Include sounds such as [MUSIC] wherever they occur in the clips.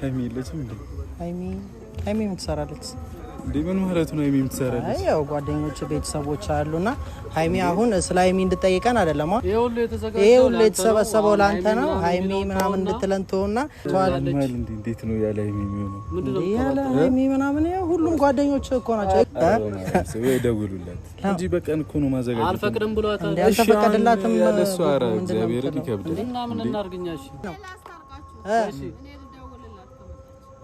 ሀይሚ የለችም እንዴ? ሀይሚ ሀይሚ የምትሰራለች እንዴ? ምን ማለት ነው? ሀይሚ የምትሰራለች? ያው ጓደኞች፣ ቤተሰቦች አሉና ሀይሚ አሁን ስለ ሀይሚ እንድጠይቀን አይደለም ይሄ ሁሉ የተሰበሰበው ለአንተ ነው። ሀይሚ ምናምን እንድትለን ትሆና እንዴት ነው ያለ ሀይሚ የሚሆነው? ያለ ሀይሚ ምናምን ሁሉም ጓደኞች እኮ ናቸው። ደውሉላት እንጂ በቀን እኮ ነው ማዘጋጀት። አልፈቅድም ብሏታል። አልፈቀድላትም። እግዚአብሔርን ይከብዳል። ምናምን እናርግኛሽ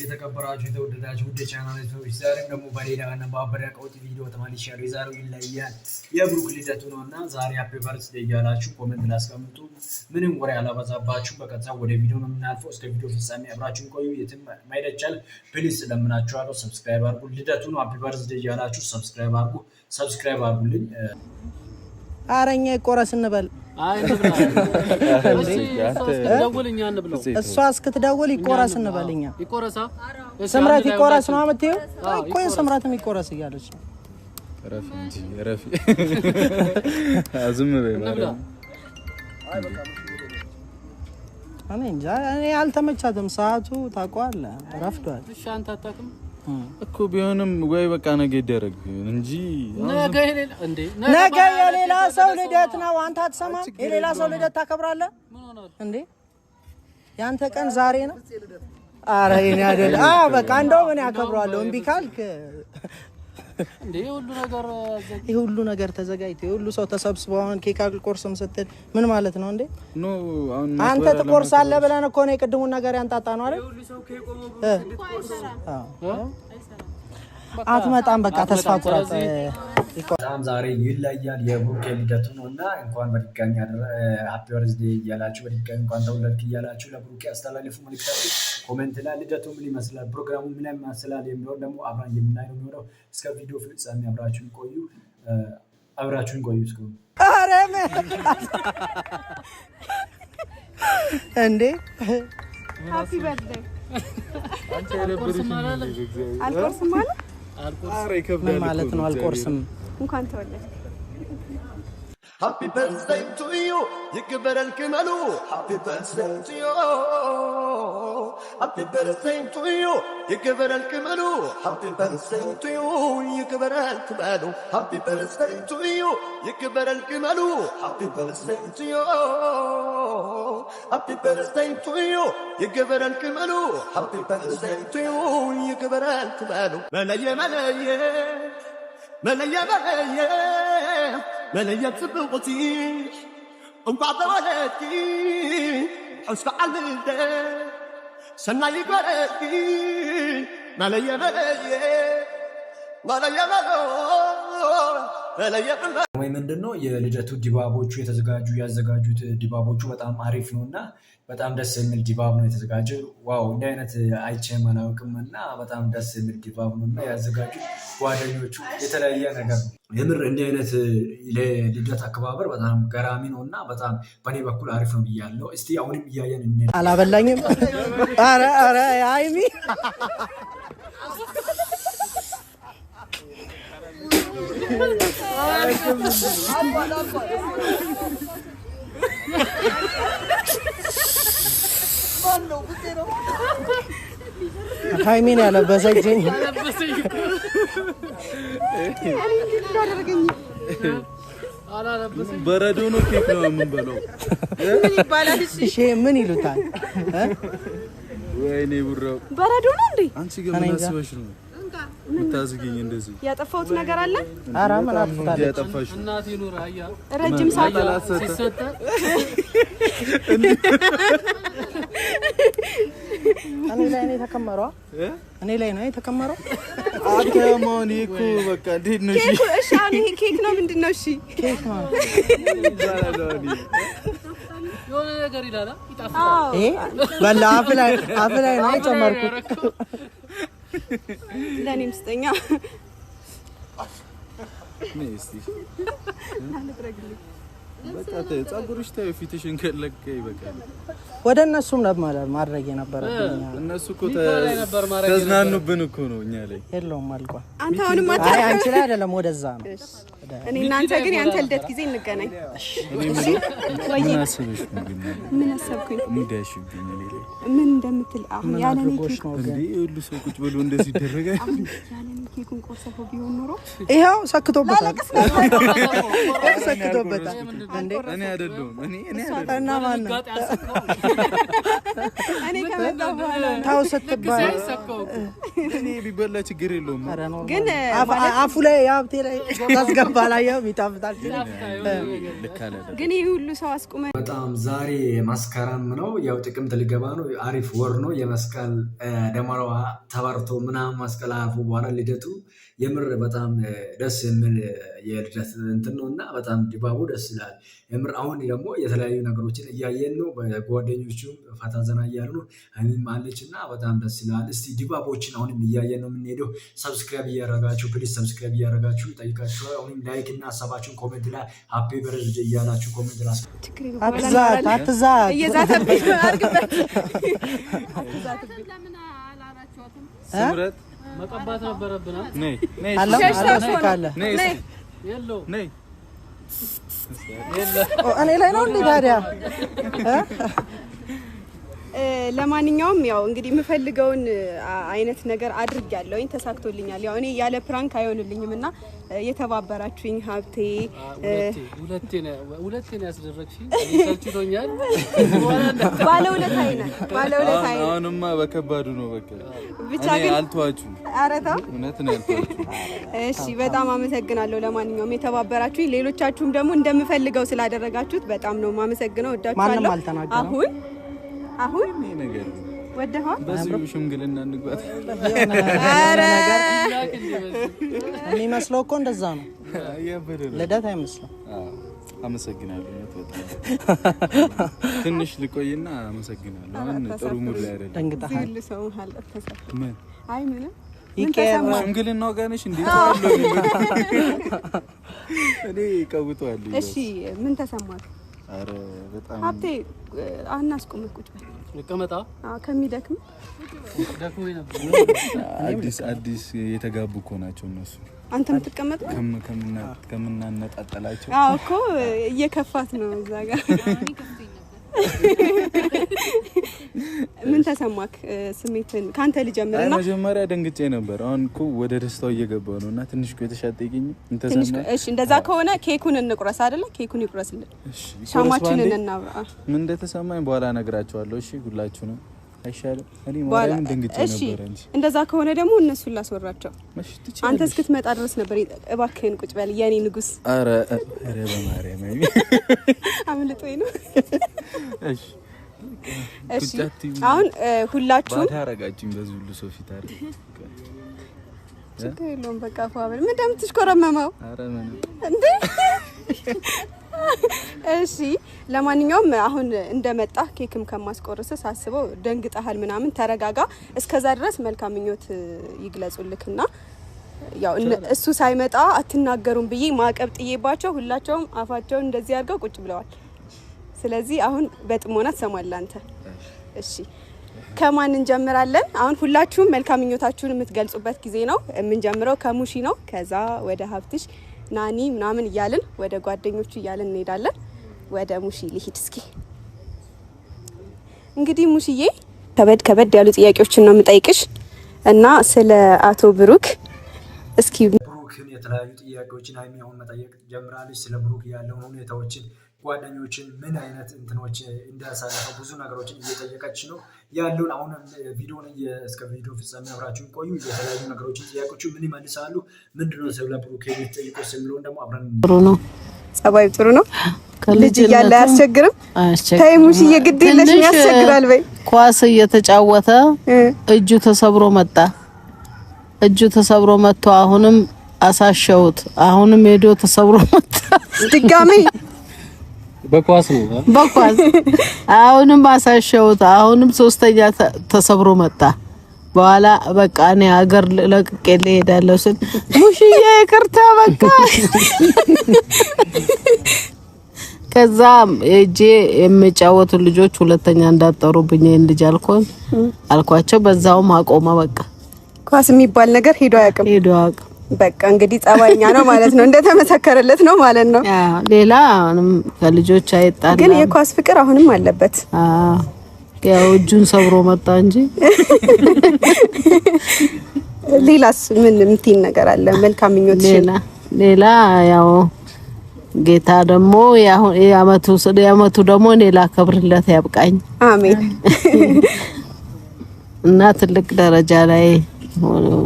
የተከበራችሁ የተወደዳችሁ ውድ ቻናል ሰዎች ዛሬም ደግሞ በሌላ እና በአበሪያ ቀውጢ ቪዲዮ ተመልሻለሁ። የዛሬው ይለያል የብሩክ ልደቱ ነው እና ዛሬ ሃፒ በርዝዴይ እያላችሁ ኮመንት ላስቀምጡ። ምንም ወሬ አላበዛባችሁ፣ በቀጥታ ወደ ቪዲዮ ነው የምናልፈው። እስከ ቪዲዮ ፍጻሜ አብራችሁን ቆዩ። የትም መሄድ አይቻልም። ፕሊዝ ሰብስክራይብ አድርጉ። ልደቱ ነው ሃፒ በርዝዴይ እያላችሁ ሰብስክራይብ አድርጉ። ሰብስክራይብ አድርጉልኝ። አረኛ ይቆረስ እንበል። እሷ እስክትደውል ይቆረስ እንበልኛ። ስምረት ይቆረስ ነው የምትይው? ቆይ ስምረትም ይቆረስ እያለች ነው። እኔ እንጃ፣ እኔ አልተመቻትም። ሰዓቱ ታውቀዋለህ፣ ረፍዷል። እኮ ቢሆንም ወይ በቃ ነገ ይደረግ እንጂ ነገ የሌላ ሰው ልደት ነው። አንተ አትሰማም? የሌላ ሰው ልደት ታከብራለህ እንዴ? ያንተ ቀን ዛሬ ነው። አረ ይሄን አይደል? አዎ በቃ እንደው ምን አከብረዋለሁ። እምቢ ካልክ ይህ ሁሉ ነገር ተዘጋጅቶ የሁሉ ሰው ተሰብስቦ አሁን ኬክ አልቆርስም ስትል ምን ማለት ነው እንዴ? አንተ ትቆርሳለህ ብለን እኮ ነው የቅድሙን ነገር ያንጣጣ ነው አይደል? አትመጣም። በቃ ተስፋ ቁረጥ። በጣም ዛሬ ይለያል። የብሩክ ልደቱ ነው እና እንኳን በድጋሚ ሀፒ በርዝዴ እያላችሁ በድጋሚ እንኳን ተወለድክ እያላችሁ ለብሩክ አስተላለፉ መልክታችሁ ኮሜንት ላይ ልደቱ ምን ይመስላል፣ ፕሮግራሙ ምን ይመስላል የሚሆን ደግሞ አብራን የምናየ የሚሆነው እስከ ቪዲዮ ፍጻሜ አብራችሁን ቆዩ። አብራችሁን ቆዩ እስከ እንዴ ሀፒ በርዝዴ አልቆርስም ማለት ምን ማለት ነው? አልቆርስም። እንኳን ተወለድክ። ሃፒ በርዝደይ ቱ ዩ ይክበረል ክመሉ ሃፒ በርዝደይ ቱ ዩ ሃፒ በርዝደይ ቱ ዩ يكبر الكمال حطي برسين طيو يكبر الكمال حطي برسين طيو يكبر الكمال حطي برسين طيو حطي برسين طيو يكبر الكمال حطي برسين طيو يكبر الكمال ملايا ملايا ملايا ملايا ملايا تبغتي انقعد ولاتي حسك على الدار சென்னை பரத்தி மலையவரையே மலையவரோ ወይ ምንድን ነው የልደቱ ድባቦቹ የተዘጋጁ ያዘጋጁት ድባቦቹ በጣም አሪፍ ነው እና በጣም ደስ የሚል ድባብ ነው የተዘጋጀ። ዋው እንዲህ አይነት አይቼ አላውቅም እና በጣም ደስ የሚል ድባብ ነው እና ያዘጋጁ ጓደኞቹ የተለያየ ነገር ነው። የምር እንዲህ አይነት ለልደት አከባበር በጣም ገራሚ ነው እና በጣም በእኔ በኩል አሪፍ ነው ብያለሁ። እስቲ አሁንም እያየን እኔ አላበላኝም። ኧረ ኧረ አይሚ ሃይሚን ያለበሰኝ በረዶ ነው። ኬክ ነው የምንበለው። ምን ይሉታል? ወይኔ ቡራው በረዶ ነው እንዴ? አንቺ ግን ነው? ምታዝገኝ እንደዚህ ያጠፋሁት ነገር አለ? ኧረ ምን አጥፍታለች? ያጠፋሽ እናት ይኑር አያ ረጅም ሰዓት እኔ ላይ ነው የተከመረው። እኔ ላይ ነው የተከመረው። አተማን ይኩ በቃ እንዴት ነው? እሺ እሺ፣ አሁን ይሄ ኬክ ነው ምንድን ነው? እሺ ኬክ ነው። የሆነ ነገር ይላል። ይጣፍጣል። ይሄ በላ አፍ ላይ አፍ ላይ ነው የጨመርኩት። ለእኔም ስጠኛ ምን እስቲ በቃ ጸጉርሽ ተይው፣ ፊትሽን ከለቀ ይበቃል። ወደ እነሱም ማድረግ የነበረብኝ እነሱ እኮ ተዝናኑብን እኮ ነው እኛ ላይ የለውም አልቋል። አንተ አሁንም አንቺ ላይ አይደለም፣ ወደዛ ነው። እኔ እናንተ ግን ያንተ ልደት ጊዜ እንገናኝ። ምን አሰብሽ? ምን አሰብኩኝ? ምን እንደምትል አሁን ያለ እኔ ኬክ ነው እንዴ? ሁሉ ሰው ቁጭ ብሎ እንደዚህ ይደረጋል። ይኸው ሰክቶበታል፣ ሰክቶበታል እኔ አይደለሁም። ስትባል ቢበላ ችግር የለውም፣ ግን አፉ ላይ ሀብቴ ላይ ታስገባ ላይ ያው ይጣፍጣል። ግን ይህ ሁሉ ሰው አስቁመ በጣም ዛሬ ማስከረም ነው፣ ያው ጥቅምት ሊገባ ነው። አሪፍ ወር ነው። የመስቀል ደመራዋ ተበርቶ ምናምን መስቀል አርፎ በኋላ ልደቱ የምር በጣም ደስ የሚል የልደት እንትን ነው እና በጣም ድባቡ ደስ ይላል። የምር አሁን ደግሞ የተለያዩ ነገሮችን እያየን ነው። ጓደኞቹም ፈታ ዘና እያሉ ነው። ሀይሚም አለች እና በጣም ደስ ይላል። እስቲ ድባቦችን አሁንም እያየን ነው የምንሄደው። ሰብስክራይብ እያረጋችሁ ፕሊዝ ሰብስክራይብ እያረጋችሁ ይጠይቃችሁ። አሁንም ላይክ እና ሀሳባችሁን ኮሜንት ላይ ሀፔ በረድ እያላችሁ ኮሜንት ላ አትዛት አትዛት እየዛተብኝ አርግበት ነይ ነይ [LAUGHS] እኔ ላይ ነው እንዴ ታዲያ? ለማንኛውም ያው እንግዲህ የምፈልገውን አይነት ነገር አድርጊያለሁኝ፣ ተሳክቶልኛል። ያው እኔ ያለ ፕራንክ አይሆንልኝም እና የተባበራችሁኝ ሀብቴ ሁለቴ ነው ያስደረግሽኝ። ሰልችቶኛል። ባለ ሁለት አይነ ባለ ሁለት አይነ አሁንማ በከባዱ ነው። በቃ ብቻ ግን አልተዋችሁም። ኧረ ተው እውነት ነው ያልተዋችሁ። እሺ በጣም አመሰግናለሁ። ለማንኛውም የተባበራችሁኝ፣ ሌሎቻችሁም ደግሞ እንደምፈልገው ስላደረጋችሁት በጣም ነው የማመሰግነው። እወዳችኋለሁ። አሁን አሁን ነገር ወደሆን በዚሁ ሽምግልና እንግባት። የሚመስለው እኮ እንደዛ ነው። ልደት አይመስለው። አመሰግናለሁ። ትንሽ ልቆይና አመሰግናለሁ። አሁን ጥሩ ሙድ ላይ አይደለም። አይ ምንም ሽምግልና ወገንሽ እንዴ እኔ ቀውጠዋለሁ። እሺ ምን ተሰማክ? ኧረ በጣም ሀብቴ አናስቆምህ። ቁጭ በል ልቀመጣ። አዎ ከሚደክም አዲስ አዲስ የተጋቡ እኮ ናቸው እነሱ። አንተ የምትቀመጥ ከምናነጣጠላቸው። አዎ እኮ እየከፋት ነው እዛ ጋር ምን ተሰማክ? ስሜትን ከአንተ ልጀምርና መጀመሪያ ደንግጬ ነበር። አሁን እኮ ወደ ደስታው እየገባ ነው እና ትንሽ የተሻጠ የተሻጠቅኝ እንደዛ ከሆነ ኬኩን እንቁረስ አደለ? ኬኩን ይቁረስልን፣ ሻማችንን እናብራ። ምን እንደተሰማኝ በኋላ እነግራቸዋለሁ። እሺ ሁላችሁ ነው አይሻልም? እኔ ማርያምን ደንግጬ ነበር። እንደዛ ከሆነ ደግሞ እነሱን ላስወራቸው። አንተ እስክትመጣ ድረስ ነበር። እባክህን ቁጭ በል የኔ ንጉስ። ኧረ ኧረ በማርያም አምልጦኝ ነው። እሺ እሺ። አሁን ሁላችሁም ታረጋችሁኝ በዚህ ሁሉ ሰው ፊት አይደል? ችግር የለውም በቃ ፏ ምን እንደምትሽኮረመመው እንዴ? እሺ ለማንኛውም አሁን እንደመጣ ኬክም ከማስቆርስ ሳስበው ደንግጠሃል ምናምን፣ ተረጋጋ። እስከዛ ድረስ መልካም ምኞት ይግለጹልክና ያው እሱ ሳይመጣ አትናገሩም ብዬ ማዕቀብ ጥዬባቸው ሁላቸውም አፋቸውን እንደዚህ አድርገው ቁጭ ብለዋል። ስለዚህ አሁን በጥሞና ትሰማለህ አንተ። እሺ ከማን እንጀምራለን? አሁን ሁላችሁም መልካም ምኞታችሁን የምትገልጹበት ጊዜ ነው። የምንጀምረው ከሙሺ ነው። ከዛ ወደ ሀብትሽ ናኒ ምናምን እያልን ወደ ጓደኞቹ እያልን እንሄዳለን። ወደ ሙሺ ልሂድ እስኪ። እንግዲህ ሙሽዬ ከበድ ከበድ ያሉ ጥያቄዎችን ነው የምጠይቅሽ እና ስለ አቶ ብሩክ እስኪ ብሩክን የተለያዩ ጥያቄዎችን ሀይሚ አሁን መጠየቅ ጀምራለች። ስለ ብሩክ ያለውን ሁኔታዎችን ጓደኞችን ምን አይነት እንትኖች እንዳሳለፈ ብዙ ነገሮችን እየጠየቀች ነው ያለውን። አሁን ቪዲዮን እስከ ቪዲዮ ፍጻሜ አብራችሁን ቆዩ። የተለያዩ ነገሮችን ጥያቄዎቹ ምን ይመልሳሉ፣ ምንድነው ስለ ብሩክ የሚጠይቁት የሚለውን ደግሞ አብረን ጥሩ ነው። ጸባይ ጥሩ ነው። ልጅ እያለ አያስቸግርም። ተይ ሙሽዬ ግድ ያስቸግራል በይ። ኳስ እየተጫወተ እጁ ተሰብሮ መጣ። እጁ ተሰብሮ መጥቶ አሁንም አሳሸውት። አሁንም ሄዶ ተሰብሮ መጣ ድጋሜ በኳስ ነው በኳስ አሁንም አሳሸውት። አሁንም ሶስተኛ ተሰብሮ መጣ። በኋላ በቃ እኔ ሀገር ለቅቄ ልሄዳለሁ ስል ሙሽዬ ይቅርታ በቃ [LAUGHS] ከዛ እጄ የሚጫወቱ ልጆች ሁለተኛ እንዳጠሩብኝ ይሄን ልጅ አልኳቸው። በዛውም አቆመ። በቃ ኳስ የሚባል ነገር ሄዶ አያውቅም ሄዶ አያውቅም። በቃ እንግዲህ ጸባይኛ ነው ማለት ነው። እንደተመሰከረለት ነው ማለት ነው። ሌላ ከልጆች አይጣል። ግን የኳስ ፍቅር አሁንም አለበት። ያው እጁን ሰብሮ መጣ እንጂ ሌላስ ምን እምትይኝ ነገር አለ? መልካም ምኞት። ሌላ ሌላ ያው ጌታ ደግሞ የአመቱ የአመቱ ደግሞ እኔ ላከብርለት ያብቃኝ። አሜን እና ትልቅ ደረጃ ላይ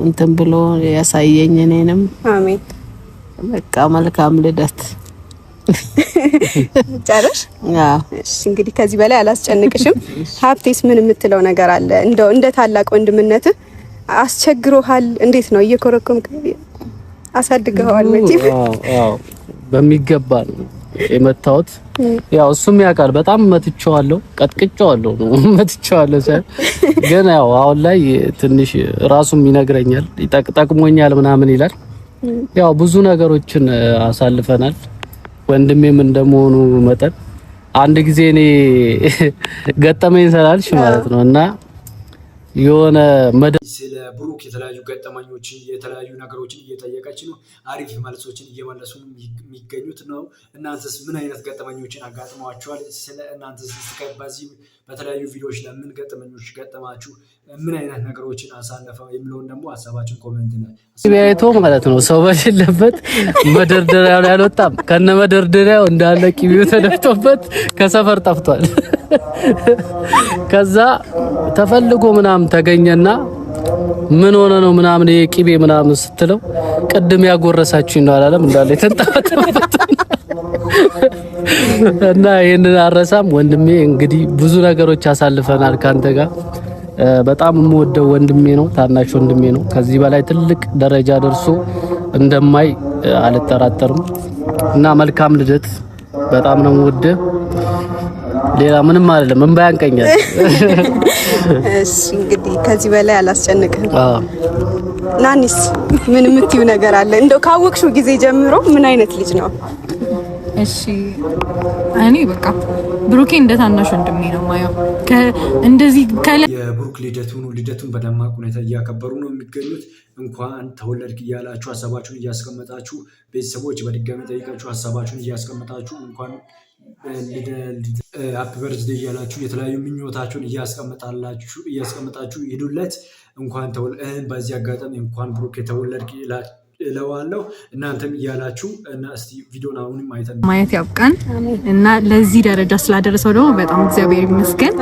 እንትን ብሎ ያሳየኝ እኔንም። አሜን። በቃ መልካም ልደት ጨርሽ። እሺ እንግዲህ ከዚህ በላይ አላስጨንቅሽም። ሀብቴስ ምን የምትለው ነገር አለ? እንደው እንደ ታላቅ ወንድምነት አስቸግሮሃል? እንዴት ነው እየኮረኮምክ አሳድገዋል? መቼም በሚገባ ነው የመታወት ያው እሱም ያውቃል። በጣም መትቼዋለሁ፣ ቀጥቅጬዋለሁ ነው [LAUGHS] መትቼዋለሁ። ግን ያው አሁን ላይ ትንሽ ራሱም ይነግረኛል፣ ይጠቅጠቅሞኛል ምናምን ይላል። ያው ብዙ ነገሮችን አሳልፈናል። ወንድሜም እንደመሆኑ መጠን አንድ ጊዜ እኔ [LAUGHS] ገጠመኝ ስላልሽ ማለት ነው እና የሆነ መደ ብሩክ የተለያዩ ገጠመኞች የተለያዩ ነገሮችን እየጠየቀች ነው። አሪፍ መልሶችን እየመለሱ የሚገኙት ነው። እናንተስ ምን አይነት ገጠመኞችን አጋጥመዋቸዋል? ስለ እናንተስ በዚህ በተለያዩ ቪዲዮዎች ለምን ገጠመኞች ገጠማችሁ? ምን አይነት ነገሮችን አሳለፈ የሚለውን ደግሞ ሀሳባችን ኮሜንት ላይ ማለት ነው። ሰው በሌለበት መደርደሪያ ላይ አልወጣም። ከነ መደርደሪያው እንዳለ ቂቢው ተደፍቶበት ከሰፈር ጠፍቷል። ከዛ ተፈልጎ ምናምን ተገኘና ምን ሆነ ነው ምናምን ይሄ ቂቤ ምናምን ስትለው ቅድም ያጎረሳችሁኝ ነው አላለም እንዳለ የተንጣጣበት እና ይህንን አረሳም ወንድሜ። እንግዲህ ብዙ ነገሮች አሳልፈናል ካንተ ጋር በጣም የምወደው ወንድሜ ነው፣ ታናሽ ወንድሜ ነው። ከዚህ በላይ ትልቅ ደረጃ ደርሶ እንደማይ አልጠራጠርም እና መልካም ልደት። በጣም ነው የምወደው። ሌላ ምንም አይደለም። እንባ ያንቀኛል። [LAUGHS] እሺ እንግዲህ ከዚህ በላይ አላስጨንቅህም። ናኒስ ምን የምትዩ ነገር አለ? እንደው ካወቅሽው ጊዜ ጀምሮ ምን አይነት ልጅ ነው? እሺ እኔ በቃ ብሩኬ እንደ ታናሽ ወንድሜ ነው ማየው። እንደዚህ የብሩክ ልደቱን ልደቱን በደማቅ ሁኔታ እያከበሩ ነው የሚገኙት። እንኳን ተወለድክ እያላችሁ ሀሳባችሁን እያስቀመጣችሁ ቤተሰቦች በድጋሚ ጠይቃችሁ ሀሳባችሁን እያስቀመጣችሁ እንኳን ሀፒ በርዝዴ እያላችሁ የተለያዩ ምኞታችሁን እያስቀምጣችሁ ሂዱለት። እንኳን በዚህ አጋጣሚ እንኳን ብሩክ የተወለድክ እለዋለሁ እናንተም እያላችሁ እና እስቲ ቪዲዮን አሁንም አይተን ማየት ያብቃን እና ለዚህ ደረጃ ስላደረሰው ደግሞ በጣም እግዚአብሔር ይመስገን።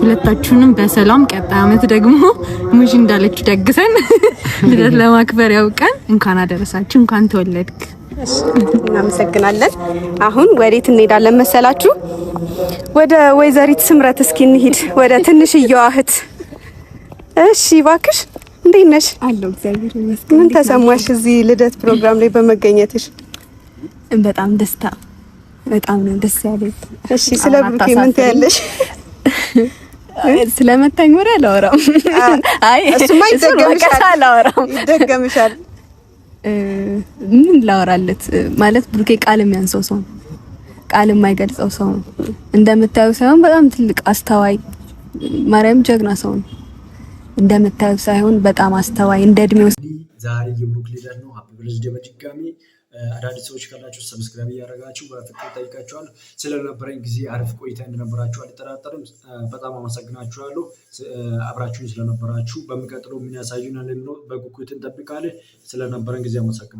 ሁለታችሁንም በሰላም ቀጣይ አመት ደግሞ ሙሽ እንዳለች ደግሰን [LAUGHS] ልደት ለማክበር ያብቃን። እንኳን አደረሳችሁ፣ እንኳን ተወለድክ። እናመሰግናለን። አሁን ወዴት እንሄዳለን መሰላችሁ? ወደ ወይዘሪት ስምረት እስኪ እንሂድ፣ ወደ ትንሽየዋ እህት። እሺ እባክሽ፣ እንዴት ነሽ? እግዚአብሔር ምን ተሰማሽ እዚህ ልደት ፕሮግራም ላይ በመገኘትሽ? በጣም ደስታ፣ በጣም ነው ደስ ያለኝ። እሺ ስለ ብሩኬ ምን ትያለሽ? ስለመታኝ ወሬ አላወራም። አይ እሱማ ይደገምሻል፣ ይደገምሻል ምን ላወራለት ማለት ብሩኬ ቃል የሚያንሰው ሰው ነው። ቃል የማይገልጸው ሰው ነው። እንደምታዩ ሳይሆን በጣም ትልቅ አስተዋይ ማርያም ጀግና ሰው ነው። እንደምታዩ ሳይሆን በጣም አስተዋይ እንደ እድሜው ዛሬ የብሩክ ልደት ነው። ሀፒ ብርዝዴ በድጋሚ አዳዲስ ሰዎች ካላችሁ ሰብስክራይብ እያደረጋችሁ በፍቅር ጠይቃችኋል። ስለነበረኝ ጊዜ አሪፍ ቆይታ እንደነበራችሁ አልጠራጠርም። በጣም አመሰግናችኋለሁ አብራችሁን ስለነበራችሁ። በሚቀጥለው ምን ያሳዩናል የሚለው በጉጉት እንጠብቃለን። ስለነበረን ጊዜ አመሰግናለሁ።